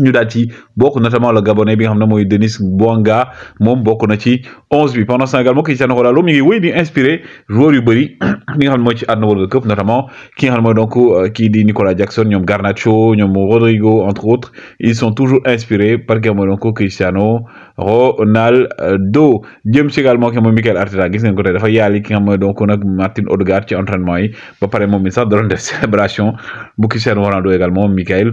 ñu daal beaucoup bokk notamment le gabonais bi nga xam Denis Bouanga moom bokk na ci onze bi pendant ça également Cristiano Ronaldo mais oui ñu ngi wéy di inspiré joueur yu bëri li nga xam ne mooy ci àdduna wërngal notamment qui nga xam donc euh, kii di Nicolas Jackson ñoom Garnacho ñoom Rodrigo entre autres ils sont toujours inspirés par ki donc Cristiano Ronaldo James également ki nga Arteta gis ngeen ko tey dafa yaali ki nga donc Martin Odegaard ci entraînement yi ba pare moom mi sax da doon def célébration bu Cristiano Ronaldo également Michael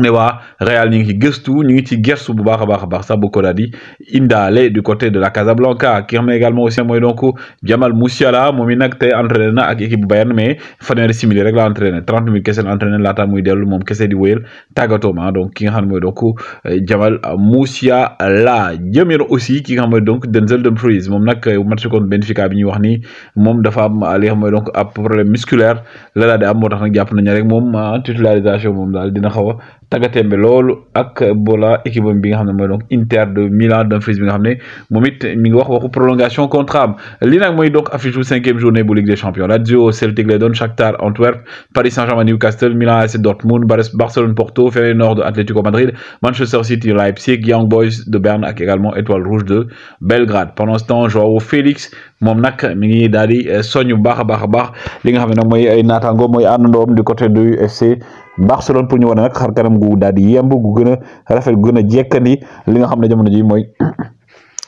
ne wa Real ni ngi ci ñu ci gestu bu baax a baax bu ko di du côté de la Casablanca qui remet également aussi mooy donc Jamal Musiala moom nak tay entraîneur na ak équipe Bayern mais fanweeri similaire rek la entraîné trente kessel kese la entraîné laata muy dellu moom kese di wéyal tàggatooma donc ki nga xam moy donc euh, Jamal Musiala jëmeen aussi ki nga moy donc Denzel Dumfries mom nak euh, match contre Benfica bi ñuy wax ni mom dafa am euh, li moy donc ab problème musculaire la daal di am motax nak japp nañ rek mom titularisation mom dal dina xawa tagatembe lolou ak Bola équipe bi nga donc Inter de Milan Dumfries bi nga xamné momit mi ngi wax prolongation contrat li nak moy donc affiche 5 cinquième journée bu Ligue des champions Lazio Celtic London Shakhtar Antwerp Paris Saint-Germain Newcastle Milan AC Dortmund Barcelone Porto Feyenoord Nord, Atlético Madrid Manchester City Leipzig Young Boys de Berne ak également Étoile Rouge de Belgrade pendant ce temps Joao Félix moom nag mi ngi daal di eh, soññ bu baax a baax a baax li nga xam ne nag mooy ay naataango mooy àndandoom du côté du FC Barcelone pour ñu wane nag xar kanam gu daal di yemb gu gën a rafet gu gën a jekkandi li nga xam ne jamono ji mooy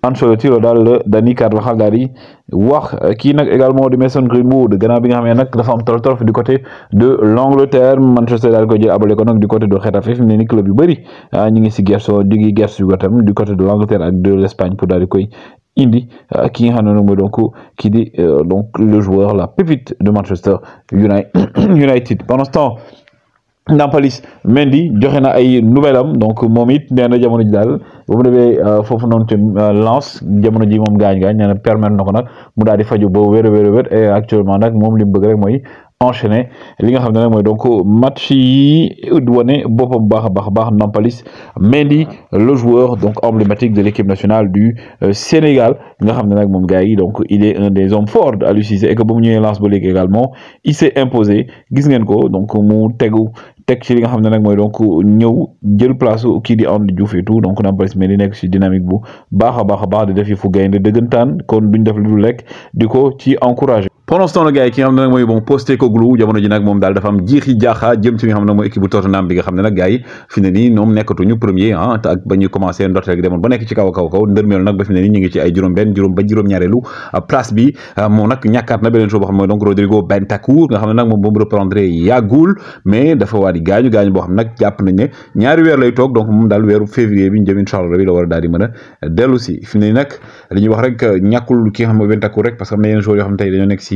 Ancelotti dal dal Dani Carvajal daal di wax ki nak également du Mason Greenwood Ganabin bi nga xamé nak dafa am du côté de l'Angleterre Manchester dal koy jël ko du côté de Getafe fi ni club yu bari ah, ñu ngi ci gerso du ngi yu tam du côté de l'Angleterre ak de l'Espagne pour d'aller koy indi ah, ki nga xam donc qui di euh, donc le joueur la pépite de Manchester United pendant ce temps Nampalis Mendy joxe na ay nouvelle am donc moom it nee jamono ji daal ba mu demee euh, foofu noonu euh, lance jamono ji mom gaañ gaañ nee na permettre na ko mu di faju bo wéré wéré wéré et actuellement nak mom lim mu bëgg rek moy enchaîner li nga xamné ne nag donc match yi wane boppam baax a baax a baax Mendy le joueur donc emblématique de l'équipe nationale du euh, Sénégal nga xamné nak mom gaay yi donc il est un des hommes forts à Aliou et que ba mu ñëwee lance ba également il s'est imposé gis ngeen ko donc mu téggu teg ci li nga xam ne nag mooy donc ñëw jël place kii di Andy Diouf et tout donc Nampalys Mendy nekk ci dynamique bu baax a a baax di def yi fu gaynde dëggantaan kon duñ def lu dul rek di ko ci encouragé pendant temps nag gars ki nga xam ne nag moom daal dafa am jiixi jaaxa jëm ci li xam ne mooy équipe bu Tottenham bi nga xam ne nag gars fi ne nii ah, nag ba benn juróom ba juróom ah, place bi ah, moom nag ñàkkaat na beneen soo boo xam ne nag moom boomu reprendre yàggul mais dafa waa gaañu gaañu boo xam nag jàpp nañ ne ñaari weer lay toog donc moom daal weeru février bi jëm incha allah rabi la war a daal di fi ne nag li ki xam ne Bentancur rek parce que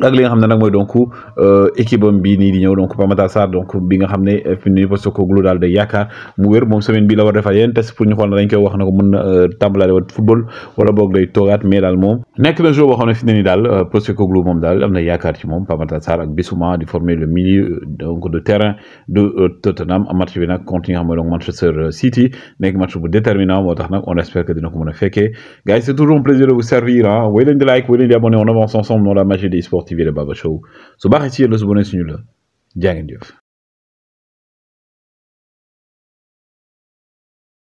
ak li nga xamné nak moy donc euh équipe bi ni nii di ñëw donc Pape Matar donc bi nga xamné fini fi mu ne Postecoglou daal day mu wér mom semaine bi la war defal yeneen test pour ñu xol dañ koy wax na ko mën na euh, tàmbalaale wat football wala boog day toogaat mais dal mom nek na joueur boo xam ne fi mu ne nii daal euh, Postecoglou moom daal am ci mom Pape Matar ak Bissouma di former le milieu euh, donc de terrain de Tottenham à match bi nak contre ñi nga donc Manchester City nek match bu déterminant motax nak on espère que dina ko mëna féké guys c'est toujours un plaisir de vous servir hein wéy leen de like wéy leen di abonné on avance ensemble dans la magie des sports Sport TV la Baba Show su baaxee si yéen la su bonee suñu la jaa ngeen jëf